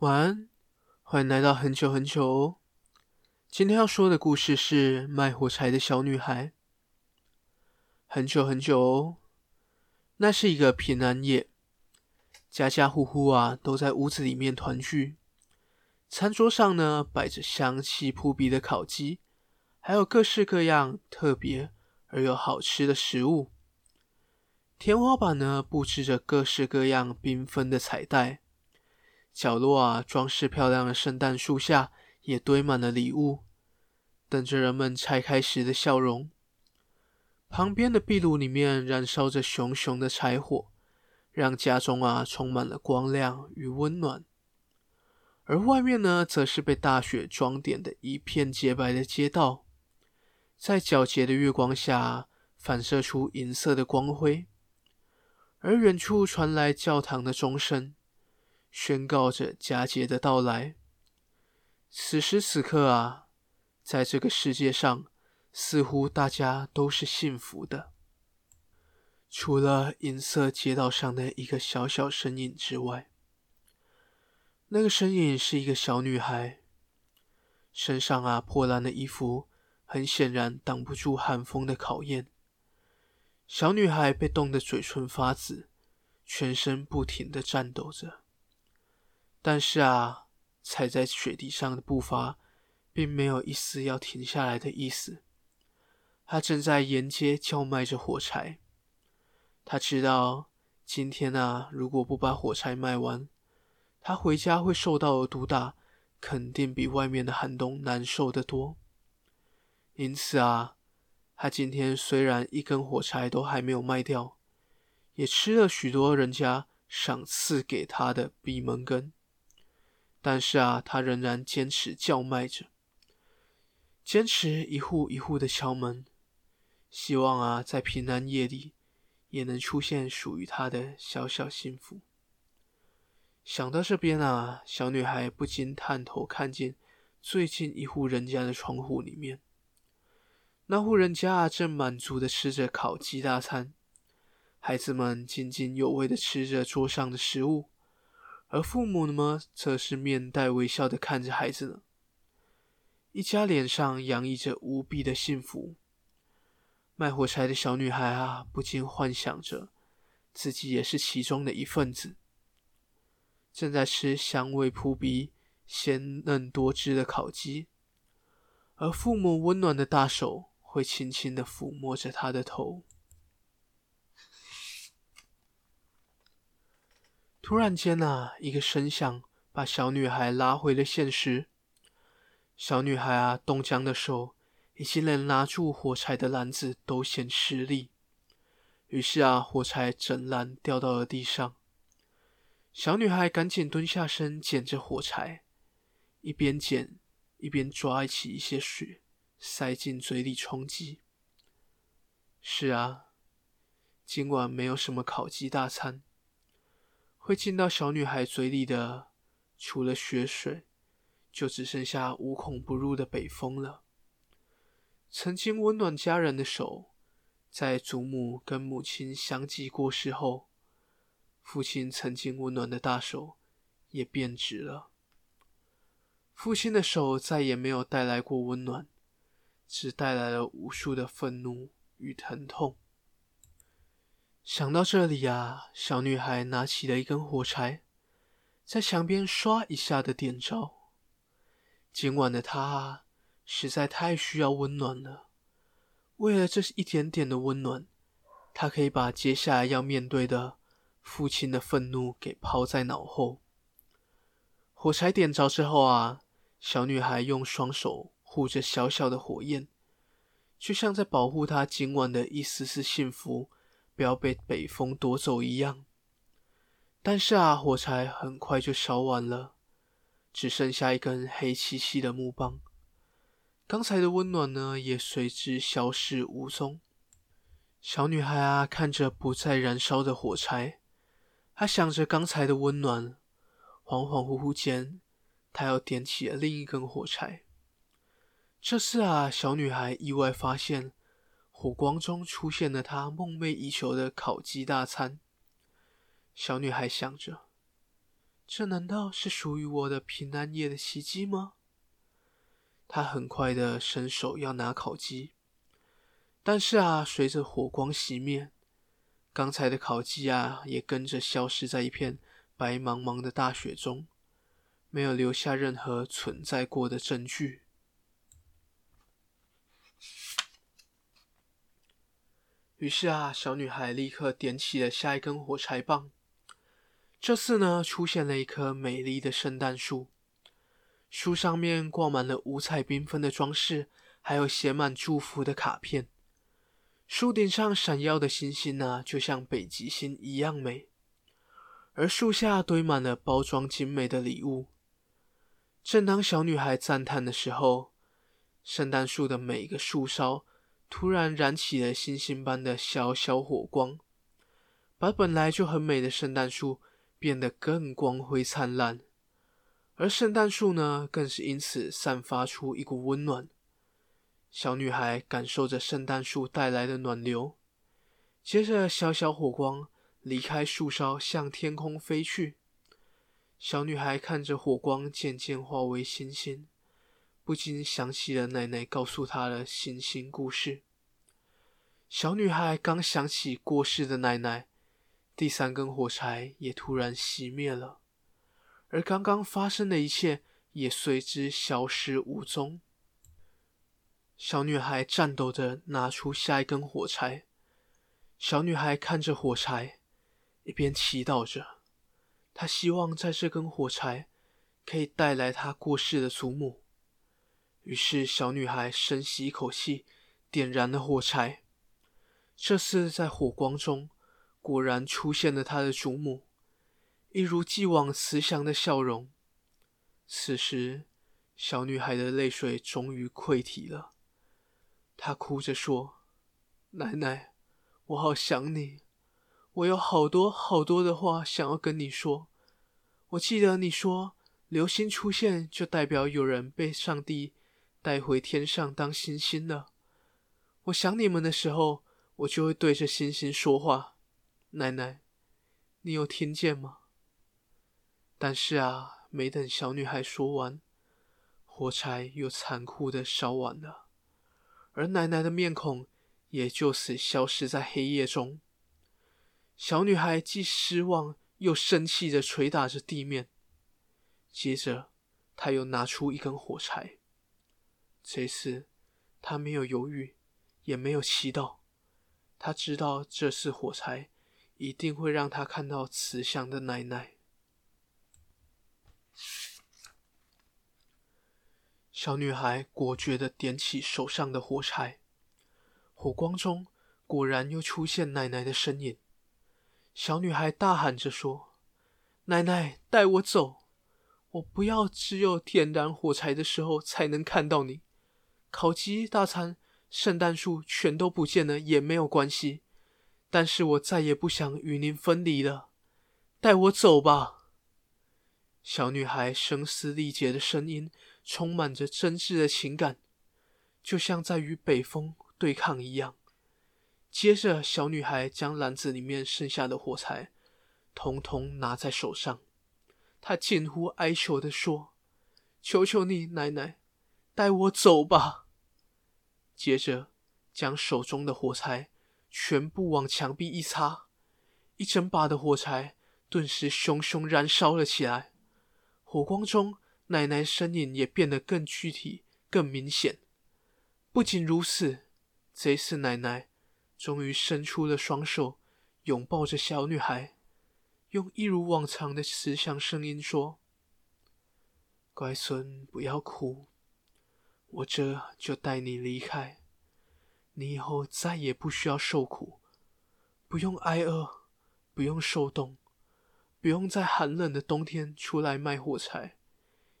晚安，歡迎來到很久很久哦。今天要說的故事是《賣火柴的小女孩》。很久很久哦，那是一個平安夜，家家戶戶啊都在屋子裡面團聚，餐桌上呢擺着香氣撲鼻的烤雞，還有各式各樣特別而又好吃的食物。天花板呢布置着各式各樣繽紛的彩帶。角落啊，裝飾漂亮的聖誕樹下也堆滿了禮物，等着人們拆開時的笑容。旁邊的壁爐裡面燃燒着熊熊的柴火，讓家中啊充滿了光亮與溫暖。而外面呢，則是被大雪裝點的一片潔白的街道，在皎潔的月光下反射出銀色的光輝。而遠處傳來教堂的鐘聲，宣告着佳節的到來。此時此刻啊，在這個世界上，似乎大家都是幸福的，除了銀色街道上的一個小小身影之外。那個身影是一個小女孩，身上啊破爛的衣服，很顯然擋不住寒風的考驗。小女孩被凍得嘴唇發紫，全身不停的顫抖着。但是啊，踩在雪地上的步伐，並沒有一絲要停下來的意思。他正在沿街叫賣着火柴。他知道今天啊，如果不把火柴賣完，他回家會受到的毒打，肯定比外面的寒冬難受得多。因此啊，他今天雖然一根火柴都還沒有賣掉，也吃了許多人家賞賜給他的閉門羹。但是啊，他仍然堅持叫賣着，堅持一戶一戶的敲門，希望啊，在平安夜裡，也能出現屬於他的小小幸福。想到這邊啊，小女孩不禁探頭看見，最近一戶人家的窗戶裡面，那戶人家正滿足的吃着烤雞大餐，孩子們津津有味的吃着桌上的食物。而父母呢麼，則是面帶微笑的看着孩子呢，一家臉上洋溢着無比的幸福。賣火柴的小女孩啊，不禁幻想着，自己也是其中的一份子，正在吃香味撲鼻、鮮嫩多汁的烤雞，而父母溫暖的大手會輕輕的撫摸着她的頭。突然間啊，一個聲響把小女孩拉回了現實。小女孩啊，凍僵的手，已經連拿住火柴的籃子都顯吃力。於是啊，火柴整籃掉到了地上。小女孩趕緊蹲下身撿着火柴，一邊撿一邊抓起一些雪，塞進嘴裡充飢。是啊，今晚沒有什麼烤雞大餐。會進到小女孩嘴裡的，除了雪水，就只剩下無孔不入的北風了。曾經溫暖家人的手，在祖母跟母親相繼過世後，父親曾經溫暖的大手也變質了。父親的手再也沒有帶來過溫暖，只帶來了無數的憤怒與疼痛。想到這裡呀啊，小女孩拿起了一根火柴，在牆邊唰一下的點着。今晚的她啊，實在太需要溫暖了。為了這一點點的溫暖，她可以把接下來要面對的父親的憤怒給拋在腦後。火柴點着之後啊，小女孩用雙手護着小小的火焰，就像在保護她今晚的一絲絲幸福。不要被北風奪走一樣。但是啊，火柴很快就燒完了，只剩下一根黑漆漆的木棒。剛才的溫暖呢，也隨之消失無蹤。小女孩啊，看着不再燃燒的火柴，她想着剛才的溫暖，恍恍惚惚間，她又點起了另一根火柴。這次啊，小女孩意外發現，火光中出現了她夢寐以求的烤雞大餐。小女孩想着：“這難道是屬於我的平安夜的奇蹟嗎？”她很快的伸手要拿烤雞，但是啊，隨着火光熄滅，剛才的烤雞啊，也跟着消失在一片白茫茫的大雪中，沒有留下任何存在過的證據。於是啊，小女孩立刻點起了下一根火柴棒。這次呢，出現了一棵美麗的聖誕樹，樹上面掛滿了五彩繽紛的裝飾，還有寫滿祝福的卡片。樹頂上閃耀的星星呢、啊，就像北極星一樣美。而樹下堆滿了包裝精美的禮物。正當小女孩讚嘆的時候，聖誕樹的每一個樹梢，突然燃起了星星般的小小火光，把本來就很美的聖誕樹變得更光輝燦爛。而聖誕樹呢，更是因此散發出一股溫暖。小女孩感受着聖誕樹帶來的暖流，接着小小火光離開樹梢向天空飛去。小女孩看着火光漸漸化為星星，不禁想起了奶奶告訴她的星星故事。小女孩剛想起過世的奶奶，第三根火柴也突然熄滅了，而剛剛發生的一切也隨之消失無蹤。小女孩顫抖着拿出下一根火柴。小女孩看着火柴，一邊祈禱着，她希望在這根火柴可以帶來她過世的祖母。於是，小女孩深吸一口氣，點燃了火柴。這次，在火光中，果然出現了她的祖母，一如既往慈祥的笑容。此時，小女孩的淚水終於潰堤了。她哭着說：“奶奶，我好想你，我有好多好多的話想要跟你說。我記得你說，流星出現就代表有人被上帝”帶回天上當星星了。我想你們的時候，我就會對着星星說話。奶奶，你有聽見嗎？但是啊，沒等小女孩說完，火柴又殘酷的燒完了，而奶奶的面孔也就此消失在黑夜中。小女孩既失望又生氣的捶打着地面，接着，她又拿出一根火柴。這次，她沒有猶豫，也沒有祈禱。她知道這次火柴一定會讓她看到慈祥的奶奶。小女孩果決的點起手上的火柴，火光中果然又出現奶奶的身影。小女孩大喊着說：“奶奶，帶我走！我不要只有點燃火柴的時候才能看到你。”烤雞、大餐、聖誕樹全都不見了，也沒有關係。但是我再也不想與您分離了，帶我走吧！小女孩聲嘶力竭的聲音，充滿着真摯的情感，就像在與北風對抗一樣。接着，小女孩將籃子裡面剩下的火柴，統統拿在手上。她近乎哀求地說：“求求你，奶奶，帶我走吧！”接着，將手中的火柴全部往牆壁一擦，一整把的火柴頓時熊熊燃燒了起來。火光中，奶奶身影也變得更具體、更明顯。不僅如此，這次奶奶終於伸出了雙手，擁抱着小女孩，用一如往常的慈祥聲音說：“乖孫，不要哭。”我這就帶你離開，你以後再也不需要受苦，不用挨餓，不用受凍，不用在寒冷的冬天出來賣火柴，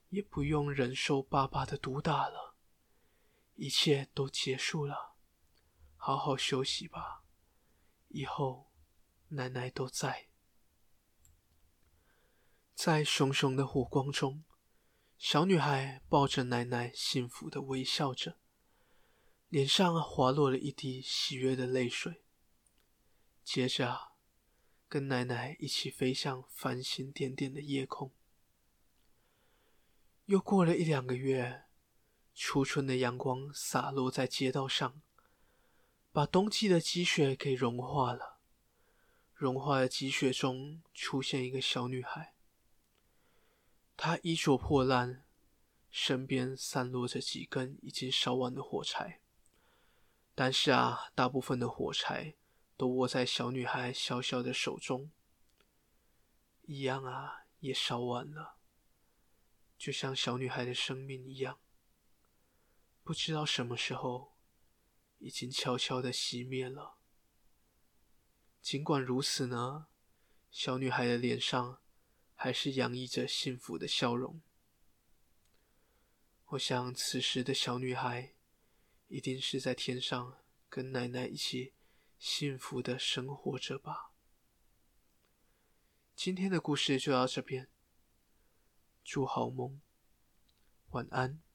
也不用忍受爸爸的毒打了，一切都結束了，好好休息吧，以後奶奶都在，在熊熊的火光中。小女孩抱着奶奶，幸福的微笑着，臉上滑落了一滴喜悅的淚水。接着啊，跟奶奶一起飛向繁星點點的夜空。又過了一兩個月，初春的陽光灑落在街道上，把冬季的積雪給融化了。融化的積雪中出現一個小女孩。她衣着破爛，身邊散落着幾根已經燒完的火柴。但是啊，大部分的火柴都握在小女孩小小的手中。一樣啊，也燒完了，就像小女孩的生命一樣，不知道什麼時候已經悄悄的熄滅了。盡管如此呢，小女孩的臉上。還是洋溢着幸福的笑容。我想，此時的小女孩一定是在天上跟奶奶一起幸福的生活着吧。今天的故事就到這邊。祝好夢，晚安。